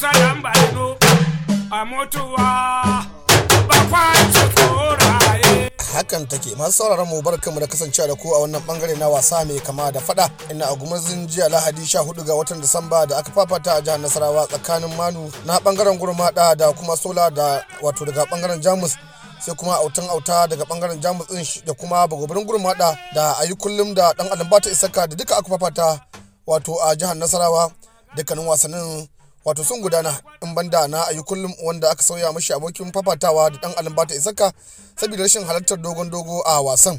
kansa ba kwanci Hakan take masu sauraron mu bar mu da kasancewa da ku a wannan bangare na wasa mai kama da fada ina a gumurzin jiya lahadi 14 ga watan Disamba da aka fafata a jihar Nasarawa tsakanin Manu na bangaren gurmada da kuma Sola da wato daga bangaren Jamus sai kuma autan auta daga bangaren jamus din da kuma bagobirin gurmada da ayi kullum da dan alambata isaka da duka aka fafata wato a jihar nasarawa dukkanin wasannin wato sun gudana in banda na ayi kullum wanda aka sauya mashi abokin fafatawa da dan alambata isaka saboda rashin halartar dogon dogo a wasan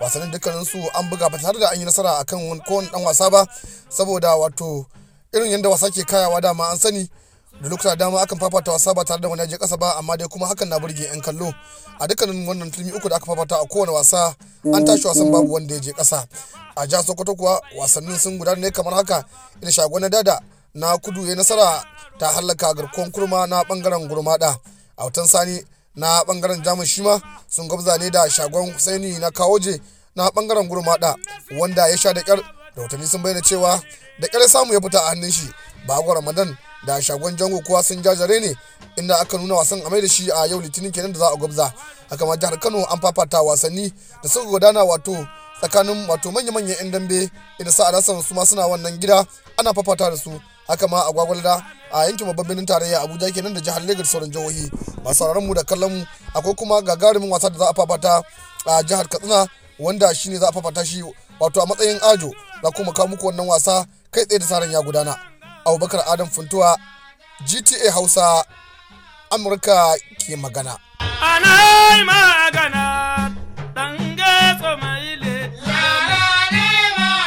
wasannin dukkanin su an buga ba tare da an yi nasara akan kowane dan wasa ba saboda wato irin yadda wasa ke kayawa dama an sani da lokuta dama akan fafata wasa ba tare da wani je kasa ba amma dai kuma hakan na burge yan kallo a dukkanin wannan turmi uku da aka fafata a kowane wasa an tashi wasan babu wanda ya je kasa a jihar sokoto kuwa wasannin sun gudana ne kamar haka ina shagon na dada na kudu ya nasara ta hallaka garkon kurma na bangaren gurmada a watan sani na bangaren jamus shima sun gwabza ne da shagon husaini na kawoje na bangaren gurmada wanda ya sha da kyar rahotanni sun bayyana cewa da kyar samu ya fita a hannun shi a ramadan da shagon jango kowa sun jajare ne inda aka nuna wasan a da shi a yau litinin kenan da za a gwabza haka ma jihar kano an fafata wasanni da suka gudana wato tsakanin wato manya-manyan 'yan dambe inda sa'adarsa su ma suna wannan gida ana fafata da su haka ma a gwagwalda a yankin babban birnin tarayya abuja kenan da jihar Legas sauran jihohi masu sauraron mu da kallon mu akwai kuma gagarumin wasa da za a fafata a jihar katsina wanda shine za a fafata shi wato a matsayin ajo za kuma kawo muku wannan wasa kai tsaye da saran ya gudana abubakar adam funtuwa gta hausa amurka ke magana. anai magana, mai